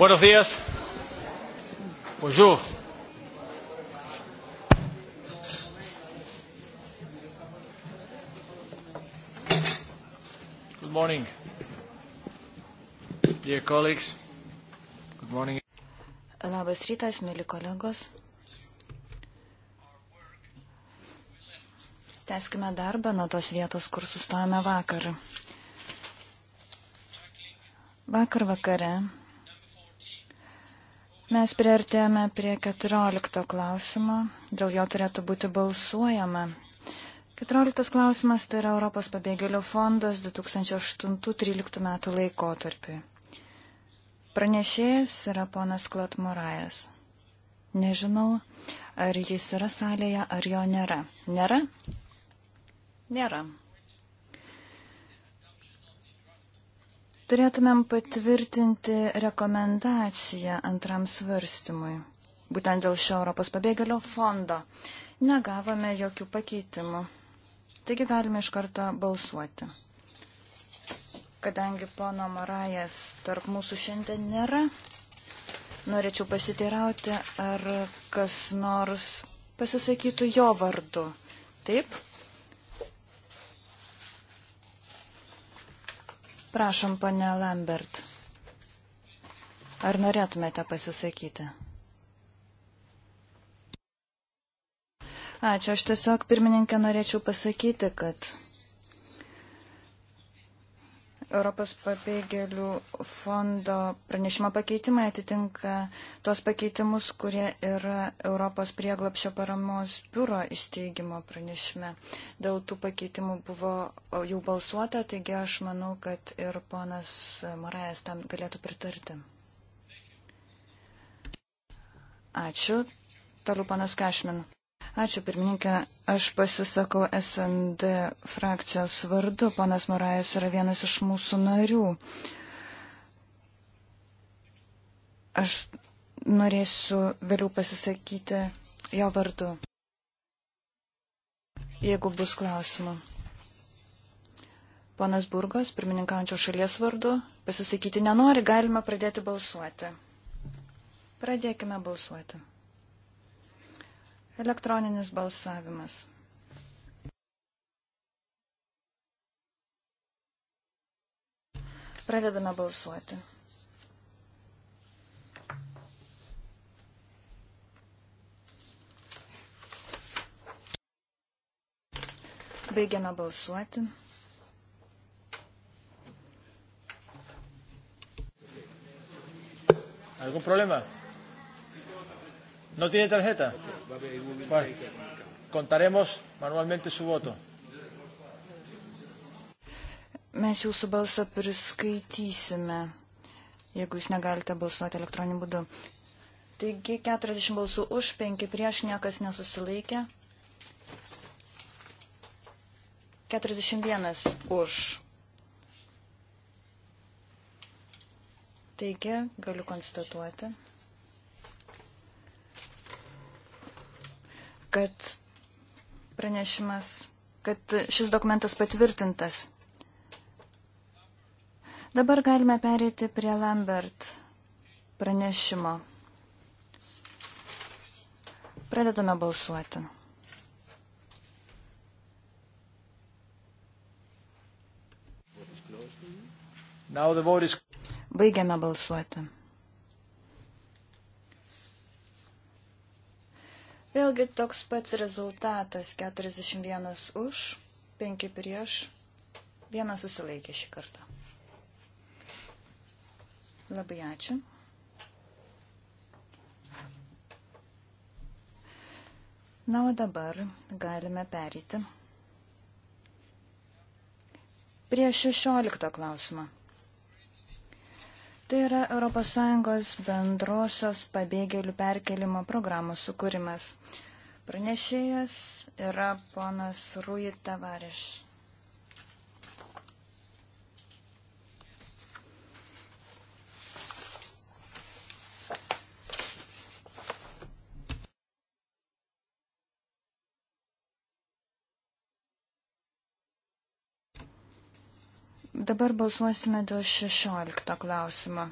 Buenos días. Bonjour. Good morning. Dear colleagues. Good morning. Labas rytas, mėly kolegos. Teskime darbą nuo tos vietos, kur sustojame vakar. Vakar vakare Mes priartėjome prie 14 klausimo, dėl jo turėtų būti balsuojama. 14 klausimas tai yra Europos pabėgėlių fondas 2008-2013 metų laikotarpiui. Pranešėjas yra ponas Klot Morajas. Nežinau, ar jis yra salėje, ar jo nėra. Nėra? Nėra. Turėtumėm patvirtinti rekomendaciją antram svarstymui. Būtent dėl šio Europos pabėgėlio fondo negavome jokių pakeitimų. Taigi galime iš karto balsuoti. Kadangi pono Morajas tarp mūsų šiandien nėra, norėčiau pasiteirauti, ar kas nors pasisakytų jo vardu. Taip, Prašom, pane Lambert. Ar norėtumėte pasisakyti? Ačiū, aš tiesiog pirmininkė norėčiau pasakyti, kad Europos pabėgėlių fondo pranešimo pakeitimai atitinka tuos pakeitimus, kurie yra Europos prieglapšio paramos biuro įsteigimo pranešime. Dėl tų pakeitimų buvo jau balsuota, taigi aš manau, kad ir ponas Morajas tam galėtų pritarti. Ačiū. Toliau panas Kašmin. Ačiū, pirmininkė. Aš pasisakau SND frakcijos vardu. Ponas Morajas yra vienas iš mūsų narių. Aš norėsiu vėliau pasisakyti jo vardu, jeigu bus klausimų. Ponas Burgos, pirmininkaujančio šalies vardu, pasisakyti nenori, galime pradėti balsuoti. Pradėkime balsuoti. Elektroninis balsavimas. Pradedame balsuoti. Baigiame balsuoti. Algún problema? ¿No tiene tarjeta? Bueno, contaremos manualmente su voto. Mes jūsų balsą priskaitysime, jeigu jūs negalite balsuoti elektroniniu būdu. Taigi 40 balsų už, 5 prieš, niekas nesusilaikė. 41 už. Taigi galiu konstatuoti. kad pranešimas, kad šis dokumentas patvirtintas. Dabar galime perėti prie Lambert pranešimo. Pradedame balsuoti. Baigiame balsuoti. Vėlgi toks pats rezultatas - 41 už, 5 prieš, vienas susilaikė šį kartą. Labai ačiū. Na, o dabar galime perėti prie 16 klausimą. Tai yra ES bendrosios pabėgėlių perkelimo programos sukūrimas. Pranešėjas yra ponas Rui Tavariš. Dabar balsuosime dėl 16 klausimo.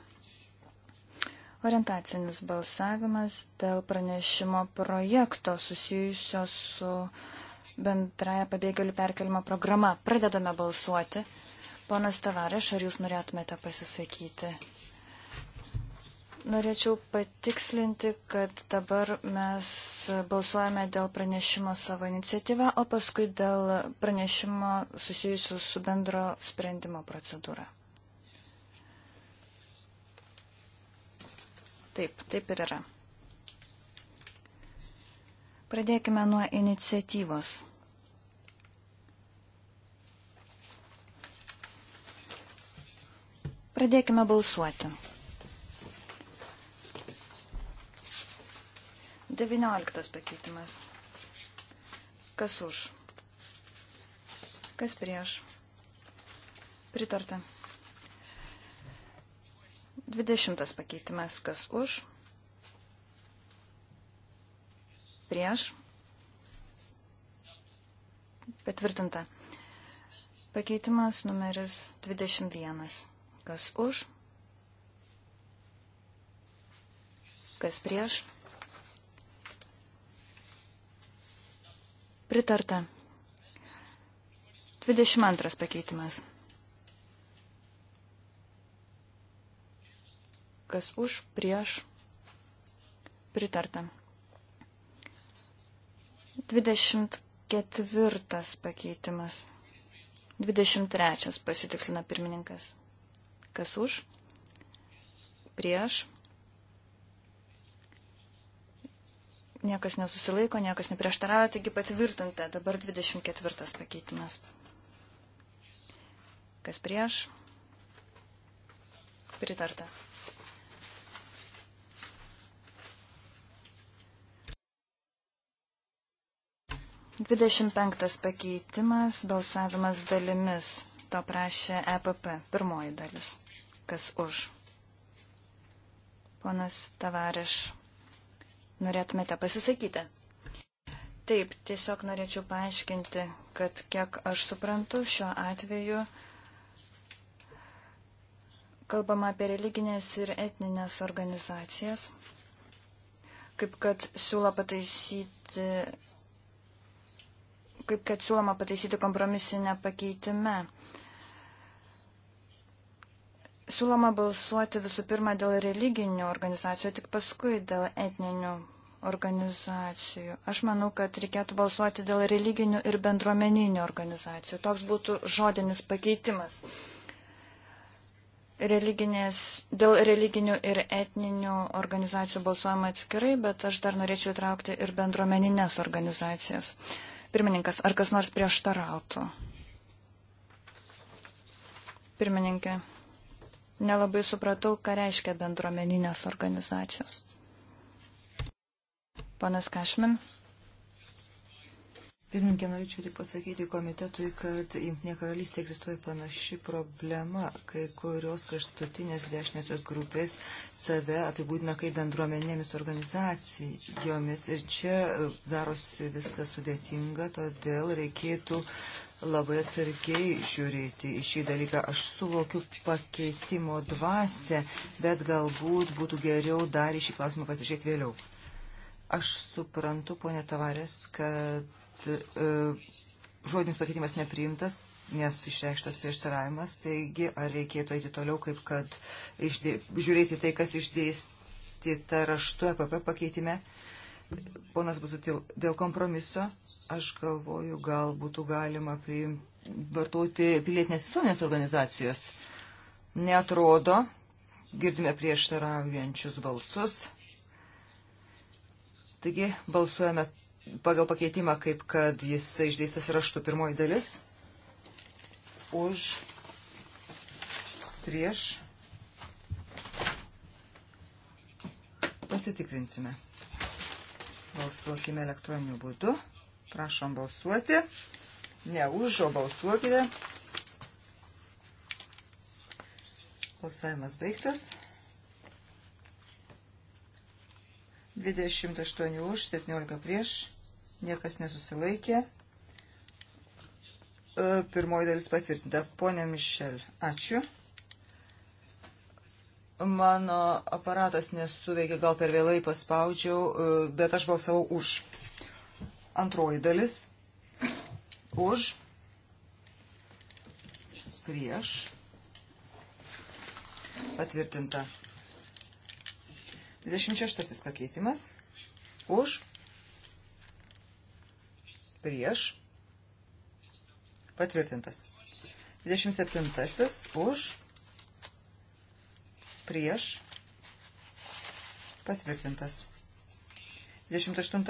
Orientacinis balsavimas dėl pranešimo projekto susijusio su bendraja pabėgėlių perkelimo programa. Pradedame balsuoti. Ponas Tavareš, ar jūs norėtumėte pasisakyti? Norėčiau patikslinti, kad dabar mes balsuojame dėl pranešimo savo iniciatyvą, o paskui dėl pranešimo susijusiu su bendro sprendimo procedūra. Taip, taip ir yra. Pradėkime nuo iniciatyvos. Pradėkime balsuoti. 19 pakeitimas. Kas už? Kas prieš? Pritarta. 20 pakeitimas. Kas už? Prieš? Patvirtinta. Pakeitimas numeris 21. Kas už? Kas prieš? Pritarta. 22 pakeitimas. Kas už, prieš, pritarta. 24 pakeitimas. 23 pasitikslina pirmininkas. Kas už, prieš, pritarta Niekas nesusilaiko, niekas neprieštaravo, taigi patvirtinta. Dabar 24 pakeitimas. Kas prieš? Pritarta. Dvidešimt penktas pakeitimas, balsavimas dalimis. To prašė EPP, pirmoji dalis. Kas už? Ponas Tavareš norėtumėte pasisakyti? Taip, tiesiog norėčiau paaiškinti, kad kiek aš suprantu, šiuo atveju kalbama apie religinės ir etninės organizacijas, kaip kad siūlo pataisyti kaip kad siūloma pataisyti kompromisinę pakeitime. Uh, Siūloma balsuoti visų pirma dėl religinių organizacijų, tik paskui dėl etninių organizacijų. Aš manau, kad reikėtų balsuoti dėl religinių ir bendruomeninių organizacijų. Toks būtų žodinis pakeitimas. Religinės, dėl religinių ir etninių organizacijų balsuojama atskirai, bet aš dar norėčiau įtraukti ir bendruomeninės organizacijas. Pirmininkas, ar kas nors prieštarautų? Pirmininkė, nelabai supratau, ką reiškia bendruomeninės organizacijos. Panas Kašmin. Pirmininkė, norėčiau tik pasakyti komitetui, kad Junktinė karalystė egzistuoja panaši problema, kai kurios kraštutinės dešinėsios grupės save apibūdina kaip bendruomenėmis organizacijomis. Ir čia darosi viskas sudėtinga, todėl reikėtų labai atsargiai žiūrėti į šį dalyką. Aš suvokiu pakeitimo dvasę, bet galbūt būtų geriau dar į šį klausimą pasižiūrėti vėliau. Aš suprantu, ponė Tavarės, kad e, žodinis pakeitimas nepriimtas, nes išreikštas prieštaravimas, taigi ar reikėtų eiti toliau, kaip kad išdė, žiūrėti tai, kas išdėstyta raštu EPP pakeitime. E, Ponas Busutil, dėl kompromiso aš galvoju, gal būtų galima priimti, vartoti pilietinės visuomenės organizacijos. Netrodo, girdime prieštaraujančius balsus. Taigi balsuojame pagal pakeitimą, kaip kad jis išdėstas raštu pirmoji dalis. Už, prieš. Pasitikrinsime. Balsuokime elektroniniu būdu. Prašom balsuoti. Ne už, o balsuokite. Balsavimas baigtas. 28 už, 17 prieš. Niekas nesusilaikė. E, pirmoji dalis patvirtinta. Pone Mišel, ačiū. Mano aparatas nesuveikė, gal per vėlai paspaudžiau, e, bet aš balsavau už. Antroji dalis. Už. Prieš. Patvirtinta. 26 pakeitimas. Už. Prieš. Patvirtintas. 27 už prieš patvirtintas. 28.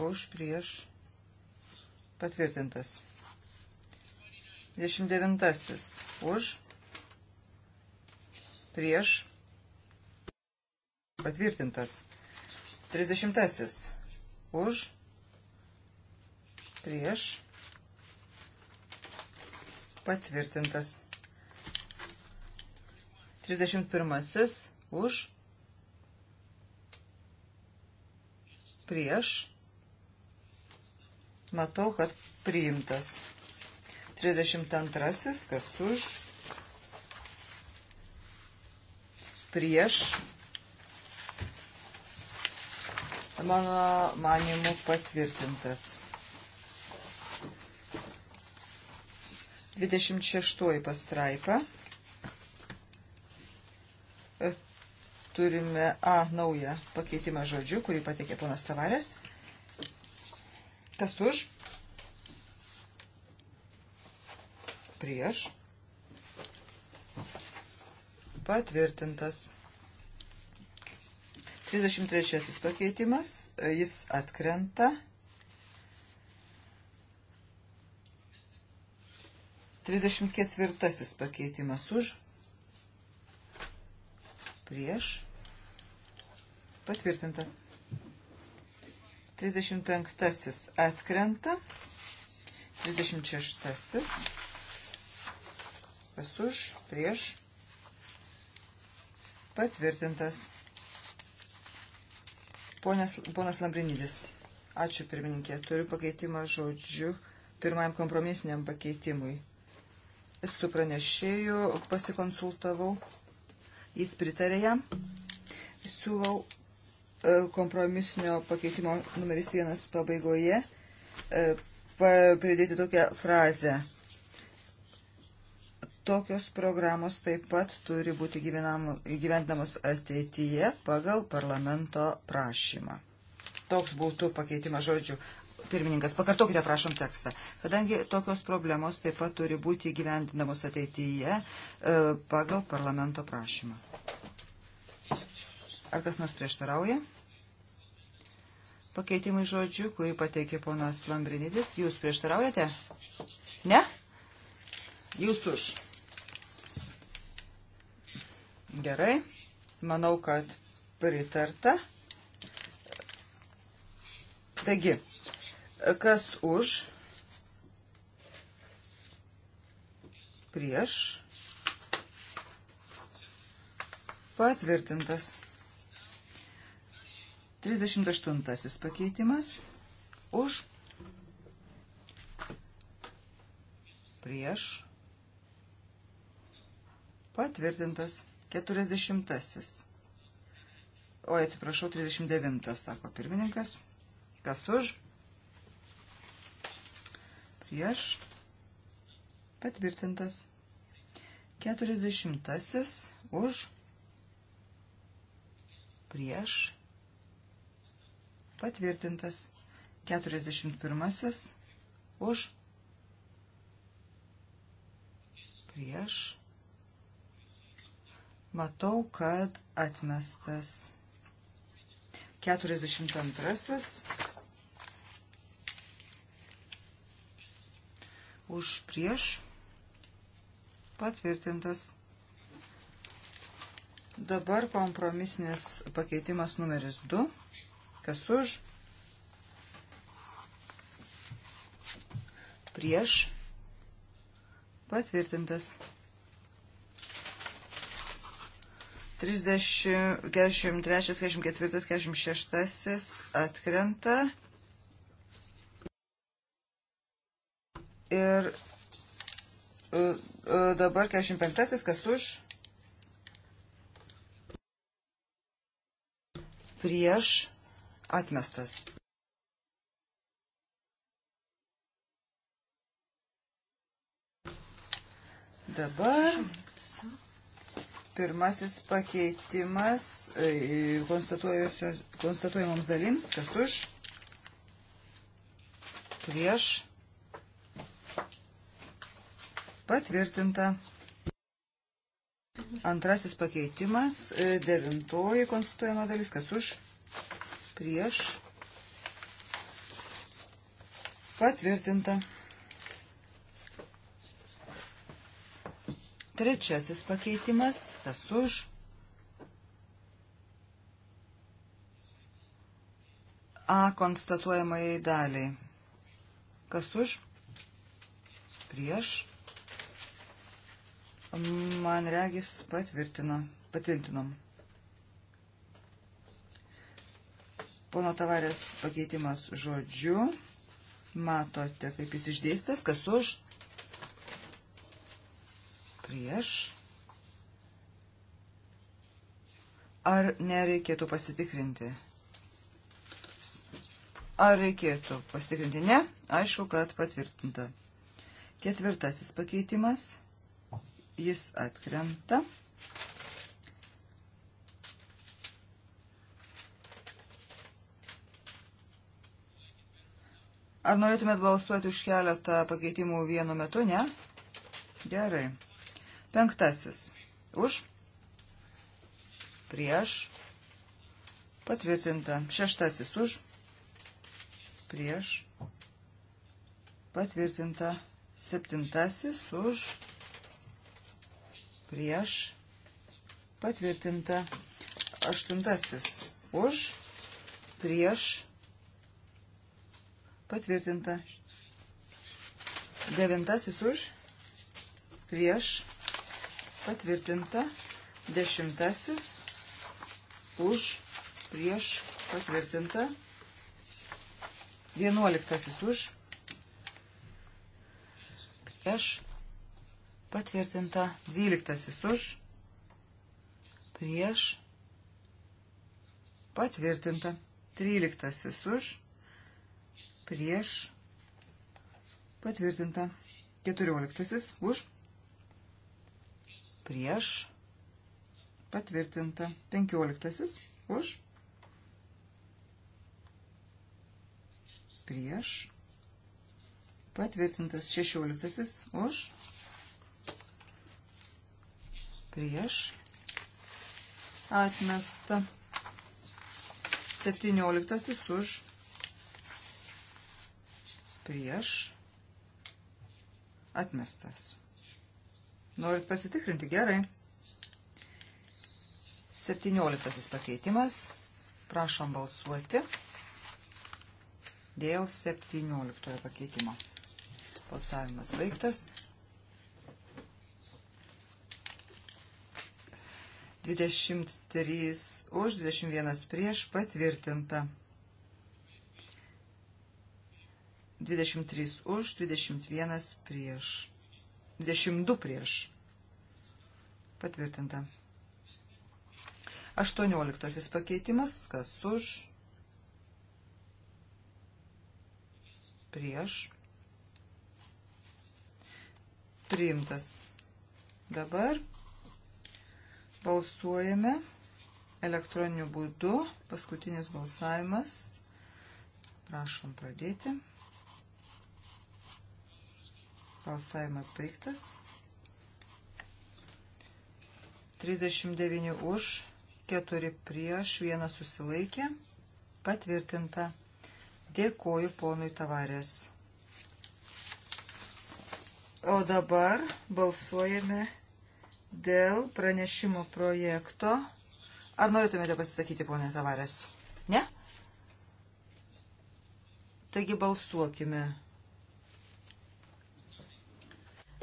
Už prieš patvirtintas. 29. Už prieš patvirtintas. 30. Už prieš patvirtintas. 31 už, prieš, matau, kad priimtas. 32 kas už, prieš, mano manimu patvirtintas. 26 pastraipa. E, turime A naują pakeitimą žodžių, kurį pateikė ponas Tavarės. Kas už? Prieš. Patvirtintas. 33 pakeitimas. E, jis atkrenta. 34. 34 pakeitimas už, prieš, patvirtinta. 35 atkrenta, 36 pas už, prieš, patvirtintas. Ponas, ponas Lambrinidis, ačiū pirmininkė, turiu pakeitimą žodžiu pirmajam kompromisiniam pakeitimui su pranešėju pasikonsultavau, jis pritarė jam. Siūlau e, kompromisinio pakeitimo numeris vienas pabaigoje e, pridėti tokią frazę. Tokios programos taip pat turi būti gyvendamos ateityje pagal parlamento prašymą. Toks būtų pakeitimas žodžių. Pirmininkas, pakartokite, prašom, tekstą. Kadangi tokios problemos taip pat turi būti gyvendinamos ateityje e, pagal parlamento prašymą. Ar kas nors prieštarauja? Pakeitimai žodžių, kurį pateikė ponas Lambrinidis, jūs prieštaraujate? Ne? Jūs už. Gerai. Manau, kad pritarta. Taigi, Kas už? Prieš. Patvirtintas. 38 pakeitimas. Už. Prieš. Patvirtintas. 40. Oi, atsiprašau, 39, sako pirmininkas. Kas už? prieš, patvirtintas. 40 už, prieš, patvirtintas. 41 už, prieš, matau, kad atmestas. 42 už prieš patvirtintas. Dabar kompromisinis pakeitimas numeris 2. Kas už? Prieš patvirtintas. 30, 43, 44, 46 atkrenta. Ir e, e, dabar 45, kas už? Prieš atmestas. Dabar pirmasis pakeitimas e, konstatuojamoms dalims, kas už, prieš, patvirtinta. Antrasis pakeitimas, e, devintoji konstituojama dalis, kas už, prieš, patvirtinta. Trečiasis pakeitimas, kas už, A konstatuojamai daliai, kas už, prieš, man regis patvirtino, patvirtinom. Pono tavarės pakeitimas žodžiu. Matote, kaip jis išdėstas, kas už, prieš. Ar nereikėtų pasitikrinti? Ar reikėtų pasitikrinti? Ne, aišku, kad patvirtinta. Ketvirtasis pakeitimas jis atkrenta. Ar norėtumėt balsuoti už keletą pakeitimų vienu metu, ne? Gerai. Penktasis. Už. Prieš. Patvirtinta. Šeštasis už. Prieš. Patvirtinta. Septintasis už. Prieš prieš, patvirtinta. Aštuntasis už, prieš, patvirtinta. Devintasis už, prieš, patvirtinta. Dešimtasis už, prieš, patvirtinta. Vienuoliktasis už, prieš, patvirtinta Patvirtinta 12 už, prieš, patvirtinta 13 už, prieš, patvirtinta 14 už, prieš, patvirtinta 15 už, prieš, patvirtintas 16 už, prieš atmesta. 17 už prieš atmestas. Norit pasitikrinti gerai. 17 pakeitimas. Prašom balsuoti dėl 17 pakeitimo. Balsavimas baigtas. 23 už, 21 prieš patvirtinta. 23 už, 21 prieš. 22 prieš. Patvirtinta. 18 pakeitimas, kas už, prieš, priimtas. Dabar Balsuojame elektroniniu būdu. Paskutinis balsavimas. Prašom pradėti. Balsavimas baigtas. 39 už, 4 prieš, 1 susilaikė. Patvirtinta. Dėkoju ponui Tavarės. O dabar balsuojame dėl pranešimo projekto. Ar norėtumėte pasisakyti, ponė Tavarės? Ne? Taigi balsuokime.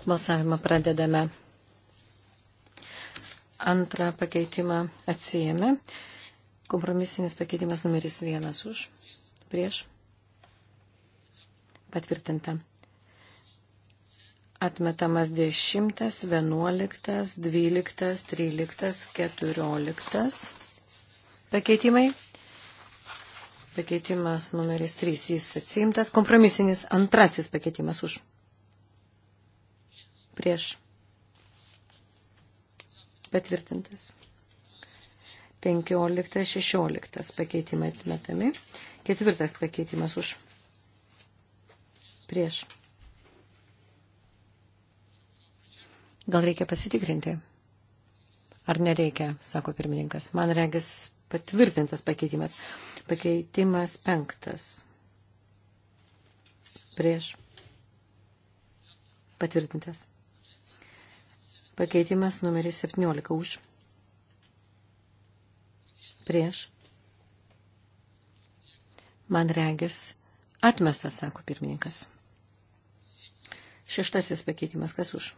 Balsavimą pradedame. Antrą pakeitimą atsijėmė. Kompromisinis pakeitimas numeris vienas už. Prieš. Patvirtinta. Atmetamas 10, 11, 12, 13, 14. Pakeitimai. Pakeitimas numeris 3, jis atsimtas. Kompromisinis antrasis pakeitimas už. Prieš. Patvirtintas. 15-16 pakeitimai atmetami. Ketvirtas pakeitimas už. Prieš Gal reikia pasitikrinti? Ar nereikia, sako pirmininkas. Man regis patvirtintas pakeitimas. Pakeitimas penktas. Prieš. Patvirtintas. Pakeitimas numeris 17 už. Prieš. Man regis atmestas, sako pirmininkas. Šeštasis pakeitimas, kas už?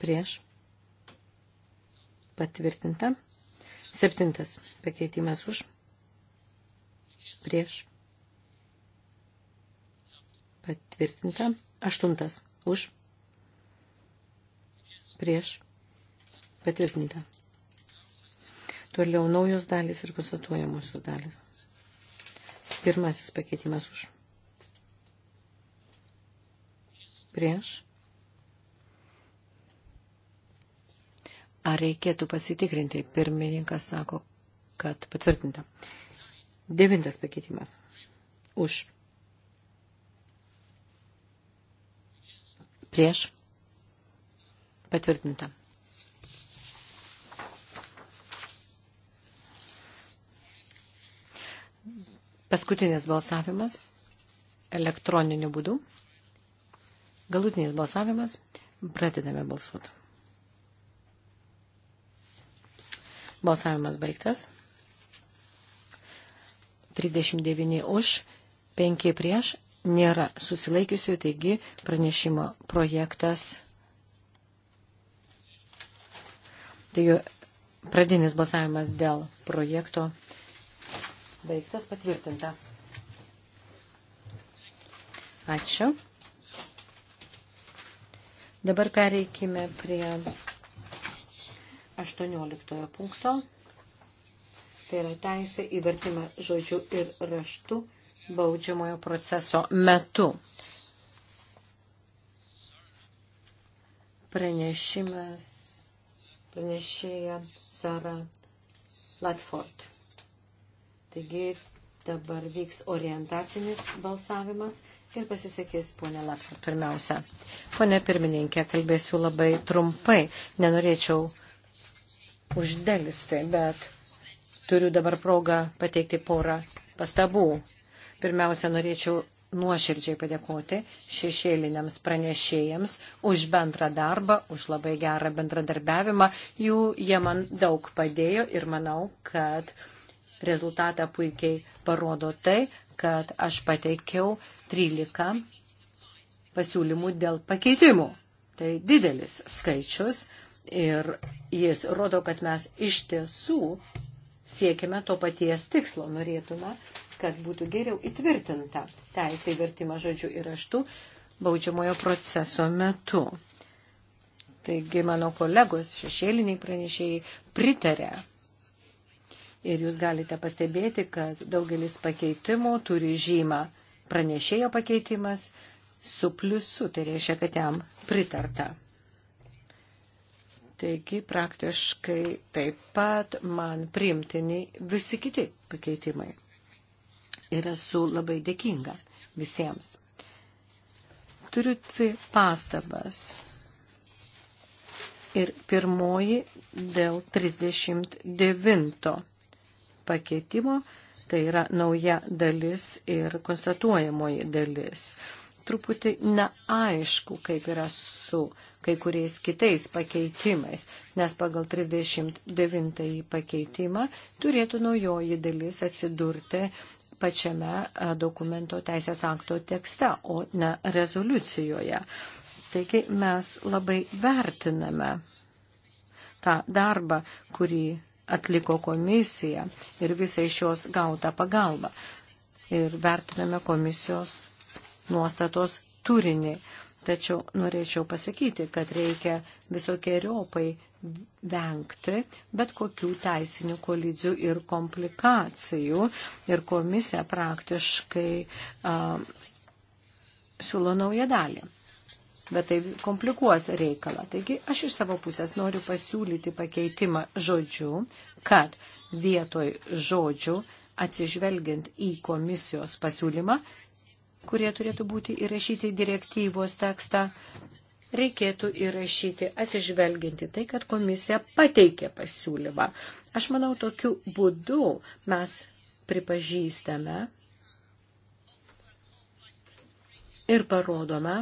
prieš patvirtinta. Septintas pakeitimas už prieš patvirtinta. Aštuntas už prieš patvirtinta. Toliau naujos dalys ir konstatuojamosios dalys. Pirmasis pakeitimas už prieš Ar reikėtų pasitikrinti? Pirmininkas sako, kad patvirtinta. Devintas pakeitimas. Už. Prieš. Patvirtinta. Paskutinis balsavimas elektroniniu būdu. Galutinis balsavimas. Pradedame balsuoti. Balsavimas baigtas. 39 už, 5 prieš, nėra susilaikiusių, taigi pranešimo projektas. Taigi pradinis balsavimas dėl projekto baigtas patvirtinta. Ačiū. Dabar pereikime prie 18 punkto. Tai yra teisė įvertimą žodžiu ir raštu baudžiamojo proceso metu. Pranešimas pranešėja Sara Latford. Taigi dabar vyks orientacinis balsavimas ir pasisakys ponė Latford pirmiausia. Pone pirmininkė, kalbėsiu labai trumpai. Nenorėčiau uždėlisti, bet turiu dabar progą pateikti porą pastabų. Pirmiausia, norėčiau nuoširdžiai padėkoti šešėliniams pranešėjams už bendrą darbą, už labai gerą bendradarbiavimą. Jų jie man daug padėjo ir manau, kad rezultatą puikiai parodo tai, kad aš pateikiau 13 pasiūlymų dėl pakeitimų. Tai didelis skaičius Ir jis rodo, kad mes iš tiesų siekime to paties tikslo. Norėtume, kad būtų geriau įtvirtinta teisė į vertimą žodžių ir raštų baudžiamojo proceso metu. Taigi mano kolegos šešėliniai pranešėjai pritarė. Ir jūs galite pastebėti, kad daugelis pakeitimų turi žymą pranešėjo pakeitimas su pliusu, tai reiškia, kad jam pritarta. Taigi praktiškai taip pat man primtini visi kiti pakeitimai. Ir esu labai dėkinga visiems. Turiu dvi pastabas. Ir pirmoji dėl 39 pakeitimo, tai yra nauja dalis ir konstatuojamoji dalis truputį neaišku, kaip yra su kai kuriais kitais pakeitimais, nes pagal 39 pakeitimą turėtų naujoji dalis atsidurti pačiame e, dokumento teisės akto tekste, o ne rezoliucijoje. Taigi mes labai vertiname tą darbą, kurį atliko komisija ir visai šios gautą pagalbą. Ir vertiname komisijos nuostatos turinį. Tačiau norėčiau pasakyti, kad reikia visokiojopai vengti bet kokių teisinių kolizijų ir komplikacijų. Ir komisija praktiškai a, siūlo naują dalį. Bet tai komplikuos reikalą. Taigi aš iš savo pusės noriu pasiūlyti pakeitimą žodžių, kad vietoj žodžių atsižvelgiant į komisijos pasiūlymą kurie turėtų būti įrašyti direktyvos tekstą, reikėtų įrašyti atsižvelginti tai, kad komisija pateikė pasiūlymą. Aš manau, tokiu būdu mes pripažįstame ir parodome,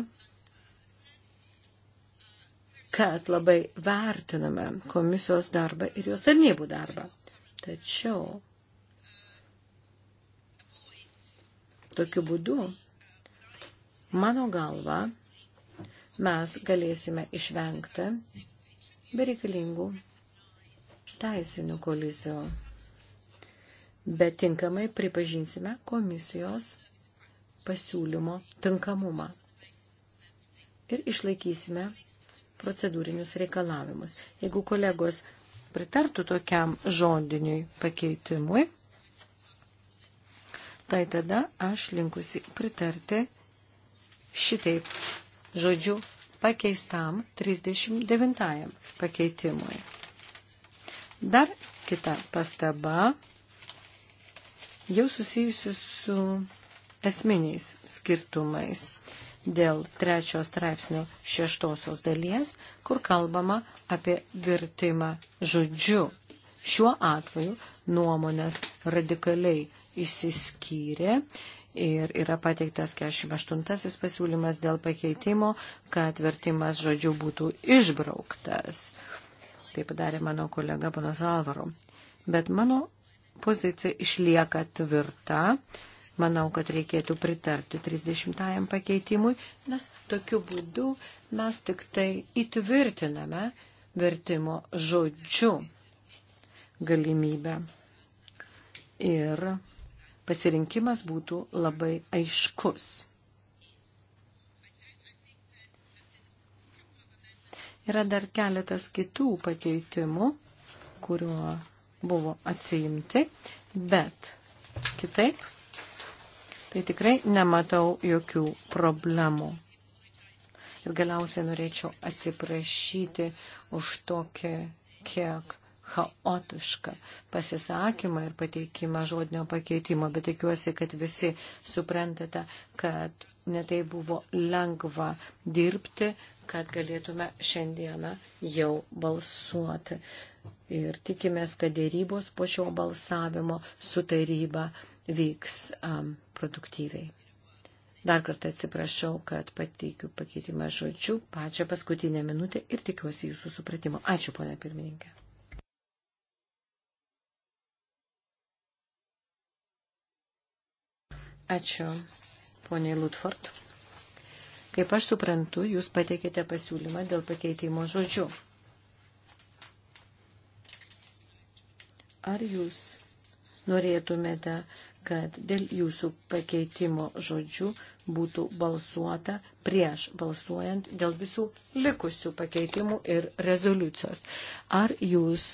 kad labai vertiname komisijos darbą ir jos tarnybų darbą. Tačiau tokiu būdu Mano galva, mes galėsime išvengti bereikalingų teisinių kolizijų, bet tinkamai pripažinsime komisijos pasiūlymo tinkamumą ir išlaikysime procedūrinius reikalavimus. Jeigu kolegos pritartų tokiam žodiniui pakeitimui, tai tada aš linkusi pritarti šitaip žodžiu pakeistam 39 pakeitimui. Dar kita pastaba jau susijusi su esminiais skirtumais dėl trečio straipsnio šeštosios dalies, kur kalbama apie virtimą žodžiu. Šiuo atveju nuomonės radikaliai išsiskyrė ir yra pateiktas 48 pasiūlymas dėl pakeitimo, kad vertimas žodžių būtų išbrauktas. Tai padarė mano kolega panas Alvaro. Bet mano pozicija išlieka tvirta. Manau, kad reikėtų pritarti 30-ajam pakeitimui, nes tokiu būdu mes tik tai įtvirtiname vertimo žodžių galimybę. Ir pasirinkimas būtų labai aiškus. Yra dar keletas kitų pakeitimų, kuriuo buvo atsiimti, bet kitaip tai tikrai nematau jokių problemų. Ir galiausiai norėčiau atsiprašyti už tokį kiek chaotišką pasisakymą ir pateikimą žodinio pakeitimo, bet tikiuosi, kad visi suprantate, kad netai buvo lengva dirbti, kad galėtume šiandieną jau balsuoti. Ir tikimės, kad dėrybos po šio balsavimo su taryba vyks um, produktyviai. Dar kartą atsiprašau, kad pateikiu pakeitimą žodžių pačią paskutinę minutę ir tikiuosi jūsų supratimo. Ačiū, ponia pirmininkė. Ačiū, poniai Lutford. Kaip aš suprantu, jūs pateikėte pasiūlymą dėl pakeitimo žodžių. Ar jūs norėtumėte, kad dėl jūsų pakeitimo žodžių būtų balsuota prieš balsuojant dėl visų likusių pakeitimų ir rezoliucijos? Ar jūs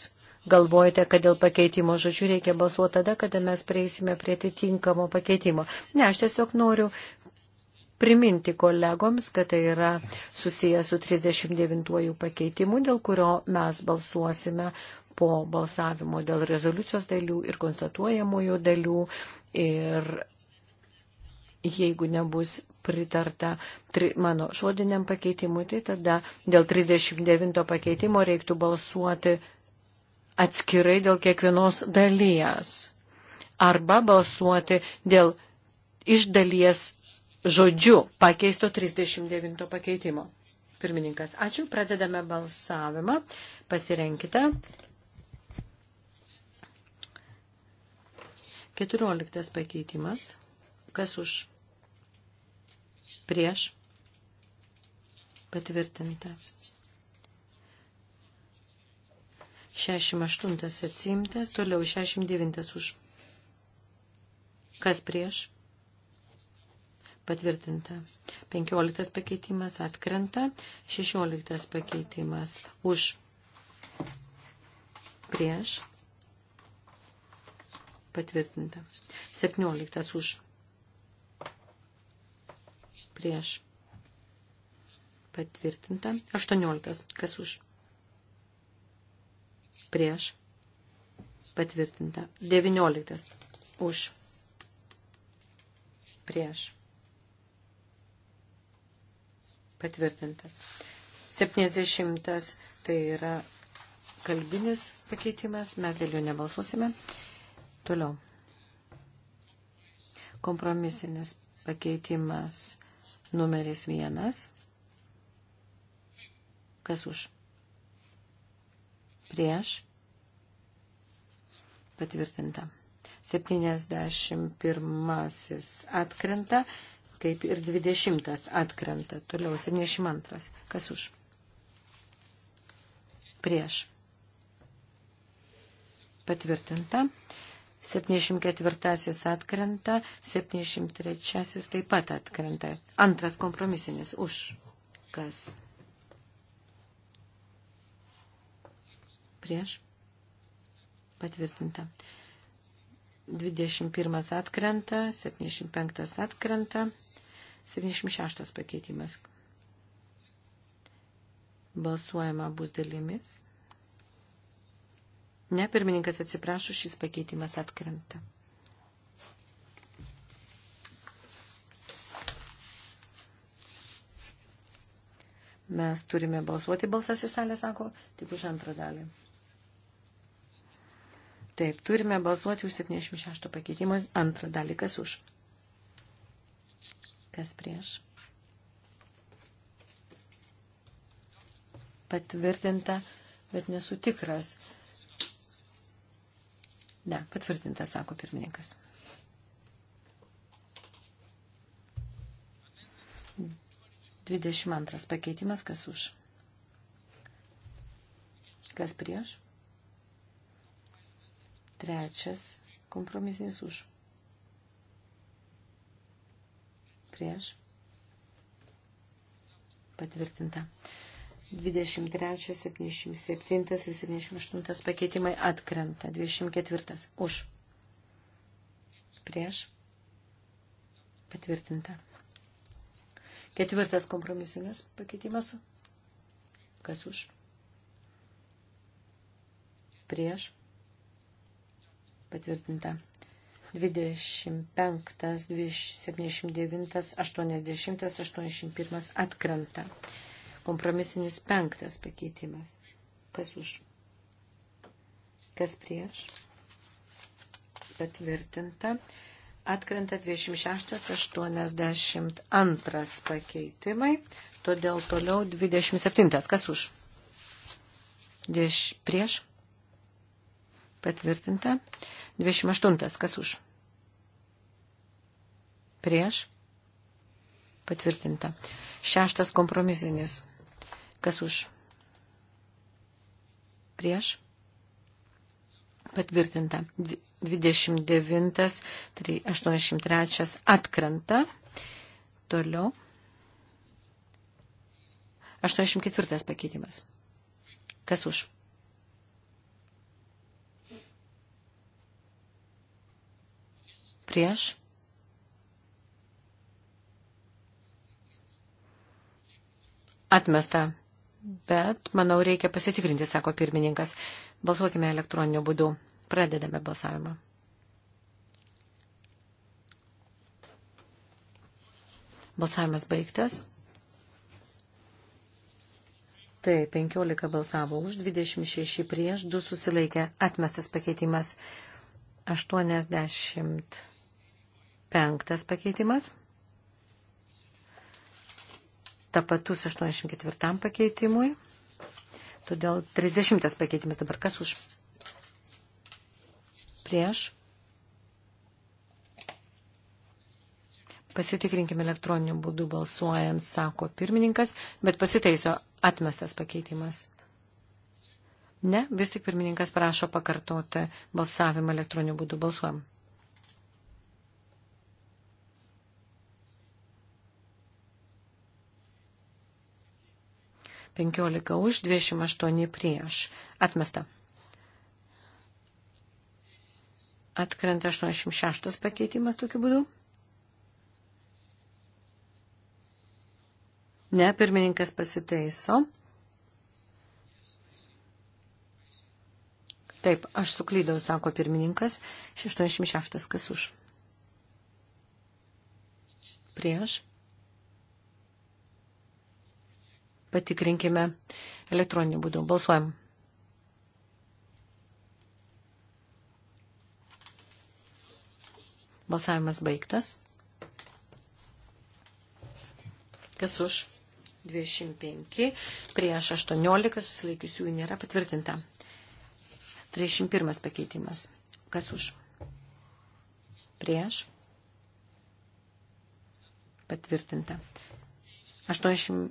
galvojate, kad dėl pakeitimo žodžių reikia balsuoti tada, kada mes prieisime prie atitinkamo pakeitimo. Ne, aš tiesiog noriu priminti kolegoms, kad tai yra susijęs su 39 pakeitimu, dėl kurio mes balsuosime po balsavimo dėl rezoliucijos dalių ir konstatuojamųjų dalių. Ir jeigu nebus pritarta tri, mano žodiniam pakeitimui, tai tada dėl 39 pakeitimo reiktų balsuoti atskirai dėl kiekvienos dalies arba balsuoti dėl iš dalies žodžių pakeisto 39 pakeitimo. Pirmininkas, ačiū, pradedame balsavimą, pasirenkite. 14 pakeitimas. Kas už? Prieš? Patvirtinta. 68 atsimtas, toliau 69 už. Kas prieš? Patvirtinta. 15 pakeitimas atkrenta, 16 pakeitimas už. Prieš. Patvirtinta. 17 už. Prieš. Patvirtinta. 18. Kas už? prieš patvirtinta. 19 už prieš patvirtintas. 70 tai yra kalbinis pakeitimas, mes dėl jo nebalsuosime. Toliau. Kompromisinis pakeitimas numeris vienas. Kas už? prieš patvirtinta. 71 atkrenta, kaip ir 20 atkrenta. Toliau 72. Kas už? Prieš. Patvirtinta. 74 atkrenta, 73 taip pat atkrenta. Antras kompromisinis už. Kas? prieš patvirtinta. 21 atkrenta, 75 atkrenta, 76 pakeitimas. Balsuojama bus dalimis. Ne, pirmininkas atsiprašo, šis pakeitimas atkrenta. Mes turime balsuoti, balsas iš salės sako, tik už antrą dalį. Taip, turime balsuoti už 76 pakeitimą antrą dalį. Kas už? Kas prieš? Patvirtinta, bet nesu tikras. Ne, patvirtinta, sako pirmininkas. Dvidešimt antras pakeitimas, kas už? Kas prieš? Trečias kompromisinis už. Prieš. Patvirtinta. 23, 77 ir 78 pakeitimai atkrenta. 24 už. Prieš. Patvirtinta. Ketvirtas kompromisinis pakeitimas. Kas už? Prieš patvirtinta. 25, 79, 80, 81 atkrenta. Kompromisinis penktas pakeitimas. Kas už? Kas prieš? Patvirtinta. Atkrenta 26, 82 pakeitimai. Todėl toliau 27. Kas už? Dvieš, prieš? Patvirtinta. 28. Kas už? Prieš? Patvirtinta. Šeštas kompromisinis. Kas už? Prieš? Patvirtinta. 29, 83 atkrenta. Toliau. 84 pakeitimas. Kas už? prieš. Atmesta. Bet, manau, reikia pasitikrinti, sako pirmininkas. Balsuokime elektroniniu būdu. Pradedame balsavimą. Balsavimas baigtas. Tai 15 balsavo už, 26 prieš, 2 susilaikė. Atmestas pakeitimas 80. Penktas pakeitimas. Tapatus 84 pakeitimui. Todėl 30 pakeitimas dabar kas už? Prieš. Pasitikrinkime elektroniniu būdu balsuojant, sako pirmininkas, bet pasiteiso atmestas pakeitimas. Ne, vis tik pirmininkas prašo pakartoti balsavimą elektroniniu būdu balsuojant. 15 už, 28 prieš. Atmesta. Atkrenta 86 pakeitimas tokiu būdu. Ne, pirmininkas pasiteiso. Taip, aš suklydau, sako pirmininkas, 86 kas už. Prieš. patikrinkime elektroniniu būdu. Balsuojam. Balsavimas baigtas. Kas už? 25. Prieš 18 susilaikiusiųjų nėra patvirtinta. 31 pakeitimas. Kas už? Prieš. Patvirtinta. 88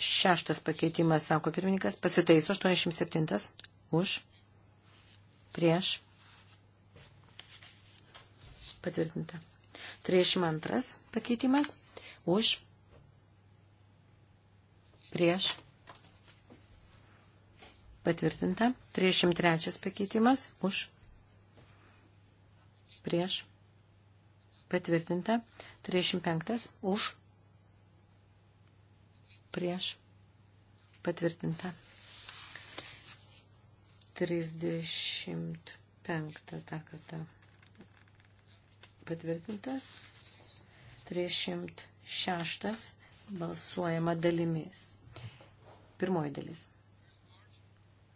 86 pakeitimas, sako pirmininkas, pasitaiso 87 už, prieš, patvirtinta. 32 pakeitimas už, prieš, patvirtinta. 303 pakeitimas už, prieš, patvirtinta. 305 už, prieš patvirtinta. 35 dar kartą patvirtintas. 36 balsuojama dalimis. Pirmoji dalis.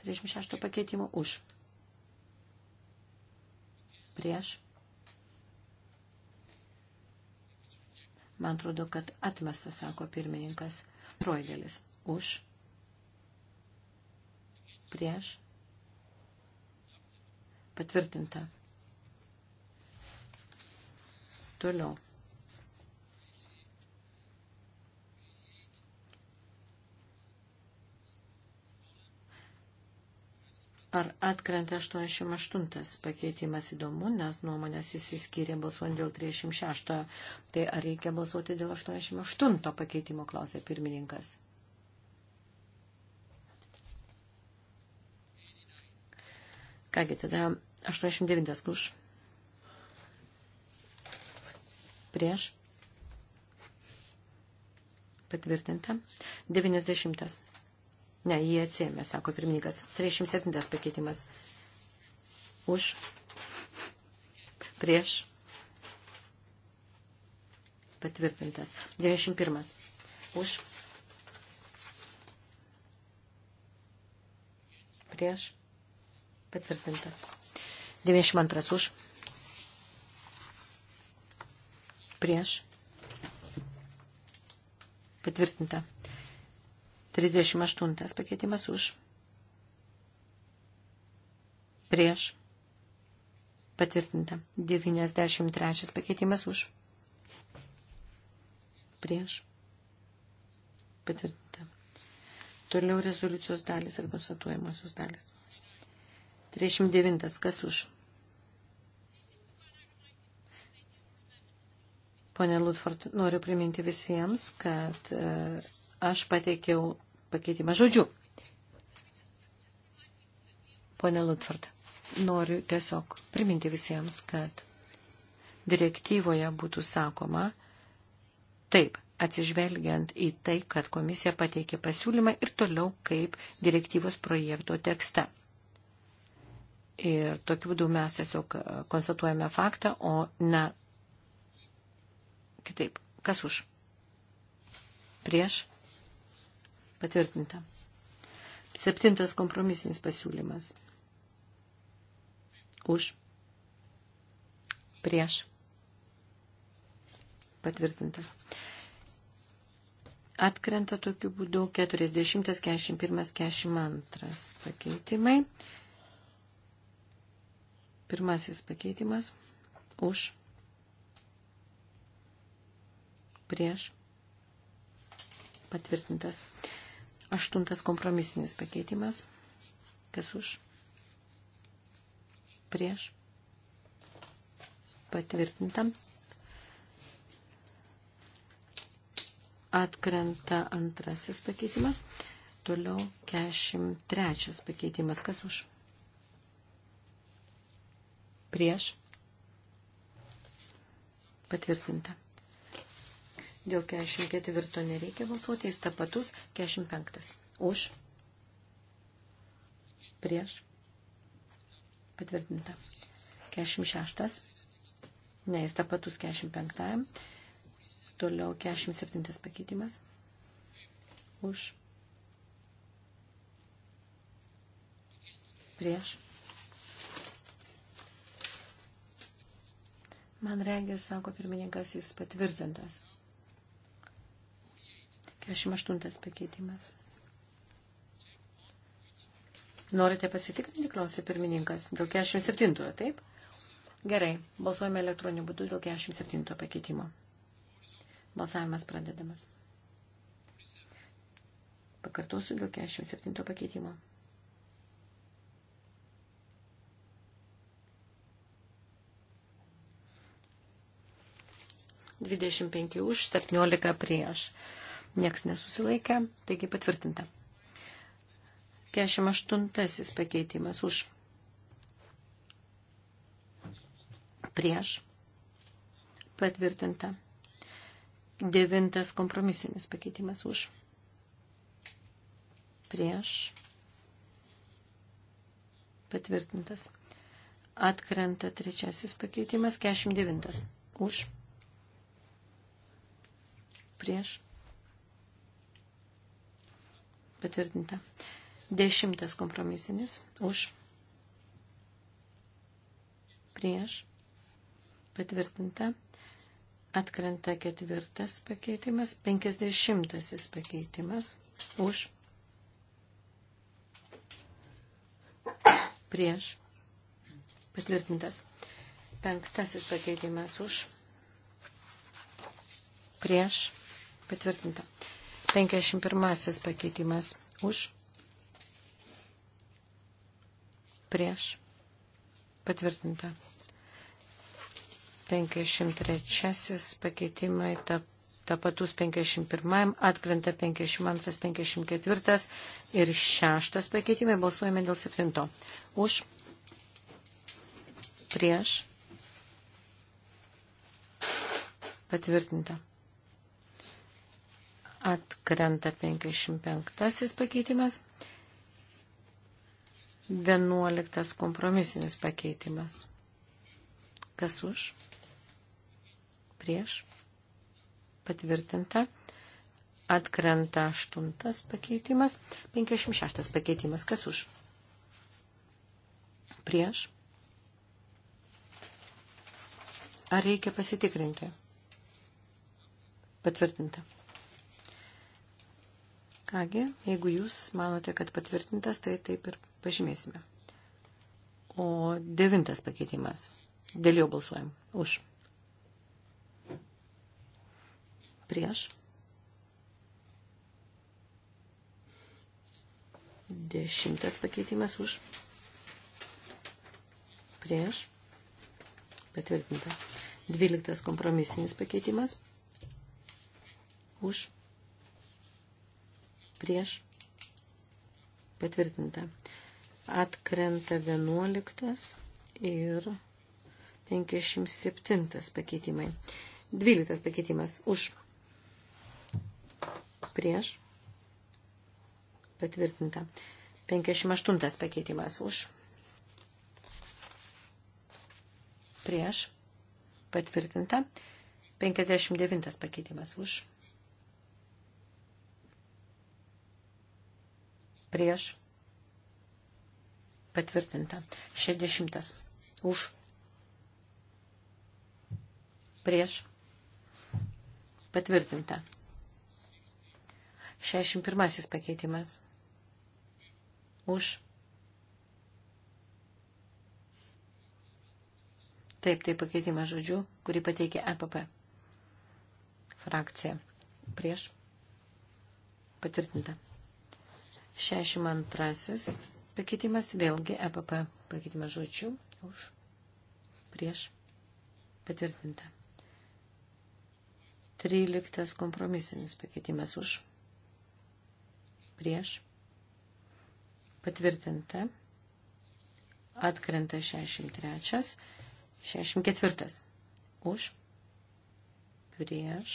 36 pakeitimo už. Prieš. Man atrodo, kad atmestas, sako pirmininkas. Broidelis už, prieš, patvirtinta. Toliau. ar atkrenta 88 pakeitimas įdomu, nes nuomonės įsiskyrė balsuojant dėl 36. Tai ar reikia balsuoti dėl 88 pakeitimo, klausė pirmininkas. Kągi, tada 89 už. Prieš. Patvirtinta. 90. Ne, jį atsėmė, sako pirmininkas. 37 pakeitimas. Už. Prieš. Patvirtintas. 91. Už. Prieš. Patvirtintas. 92. Už. Prieš. Patvirtinta. 38 pakeitimas už. Prieš. Patvirtinta. 93 pakeitimas už. Prieš. Patvirtinta. Toliau rezoliucijos dalis ir konstatuojamosios dalis. 39. Kas už? Pone Lutford, noriu priminti visiems, kad e, aš pateikiau pakeitimą žodžiu. Pone Lutford, noriu tiesiog priminti visiems, kad direktyvoje būtų sakoma taip, atsižvelgiant į tai, kad komisija pateikė pasiūlymą ir toliau kaip direktyvos projekto tekste. Ir tokiu būdu mes tiesiog konstatuojame faktą, o ne kitaip. Kas už? Prieš? Patvirtinta. Septintas kompromisinis pasiūlymas. Už. Prieš. Patvirtintas. Atkrenta tokiu būdu 40, 41, 42 pakeitimai. Pirmasis pakeitimas už, prieš, patvirtintas. Aštuntas kompromisinis pakeitimas. Kas už? Prieš. Patvirtinta. Atkrenta antrasis pakeitimas. Toliau 43 pakeitimas. Kas už? Prieš. Patvirtinta. Dėl 44 nereikia balsuoti, jis tapatus 45. Už. Prieš. Patvirtinta. 46. Ne, jis tapatus 45. Toliau 47 pakeitimas. Už. Prieš. Man regis, sako pirmininkas, jis patvirtintas. 48 pakeitimas. Norite pasitikrinti, klausė pirmininkas, dėl 47, taip? Gerai, balsuojame elektroniniu būdu dėl 47 pakeitimo. Balsavimas pradedamas. Pakartosiu dėl 47 pakeitimo. Dvidešimt penki už, septyniolika prieš nieks nesusilaikė, taigi patvirtinta. 48 pakeitimas už prieš patvirtinta. Devintas kompromisinis pakeitimas už prieš patvirtintas. Atkrenta trečiasis pakeitimas, 49 už prieš Patvirtinta. Dešimtas kompromisinis. Už. Prieš. Patvirtinta. Atkrenta ketvirtas pakeitimas. Penkisdešimtasis pakeitimas. Už. Prieš. Patvirtintas. Penktasis pakeitimas už. Prieš. Patvirtinta. 51 pakeitimas už, prieš, patvirtinta. 53 pakeitimai tap tapatus 51, atkrenta 52, 54 ir 6 pakeitimai, balsuojame dėl 7. Už, prieš, patvirtinta. Atkrenta 55 pakeitimas. 11 kompromisinis pakeitimas. Kas už? Prieš? Patvirtinta. Atkrenta 8 pakeitimas. 56 pakeitimas. Kas už? Prieš? Ar reikia pasitikrinti? Patvirtinta. Kągi, jeigu jūs manote, kad patvirtintas, tai taip ir pažymėsime. O devintas pakeitimas. Dėl jo balsuojam. Už. Prieš. Dešimtas pakeitimas už. Prieš. Patvirtinta. Dvyliktas kompromisinis pakeitimas. Už prieš patvirtinta. Atkrenta 11 ir 57 pakeitimai. 12 pakeitimas už prieš patvirtinta. 58 pakeitimas už prieš patvirtinta. 59 pakeitimas už prieš patvirtinta. 60 už prieš patvirtinta. 61 pakeitimas už Taip, tai pakeitimas žodžių, kurį pateikė EPP frakcija. Prieš. Patvirtinta. 62 pakeitimas, vėlgi EPP pakeitimas žodžių už prieš patvirtinta. 13 kompromisinis pakeitimas už prieš patvirtinta. Atkrenta 63, 64 už prieš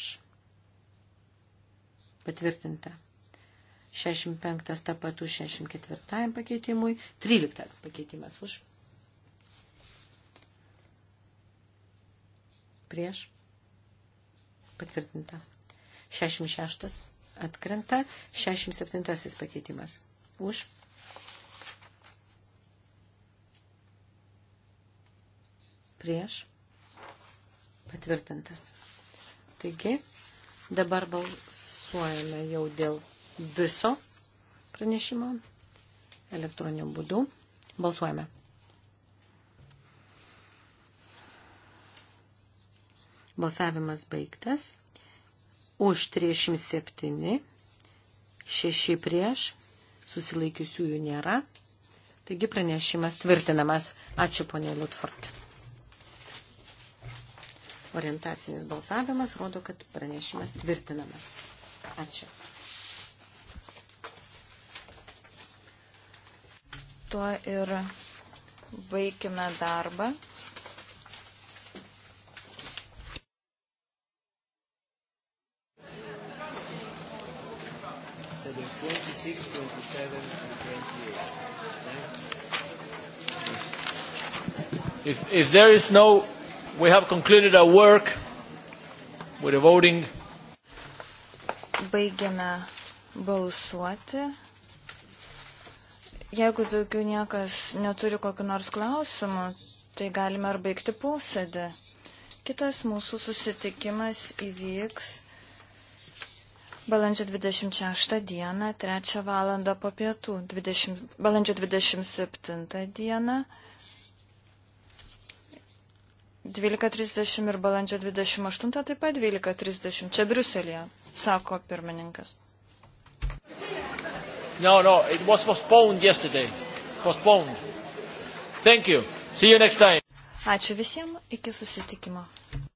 patvirtinta. 65 tapatų 64 pakeitimui, 13 pakeitimas už prieš patvirtinta. 66 atkrenta, 67 pakeitimas už prieš patvirtintas. Taigi, dabar balsuojame jau dėl viso pranešimo elektroniniu būdu. Balsuojame. Balsavimas baigtas. Už 37, 6 prieš, susilaikiusiųjų nėra. Taigi pranešimas tvirtinamas. Ačiū, ponė Lutford. Orientacinis balsavimas rodo, kad pranešimas tvirtinamas. Ačiū. Tuo ir baigime darbą. So there's 26, 27, and 28. If, if there is no, we have concluded our work with the voting. Baigiame balsuoti. Jeigu daugiau niekas neturi kokiu nors klausimu, tai galime ar baigti posėdį. Kitas mūsų susitikimas įvyks balandžio 26 dieną, 3 valandą po pietų, 20, balandžio 27 dieną. 12.30 ir balandžio 28 taip pat 12.30. Čia Briuselėje, sako pirmininkas. No, no, it was postponed yesterday. Postponed. Thank you. See you next time. Ačiū visiems, iki susitikimo.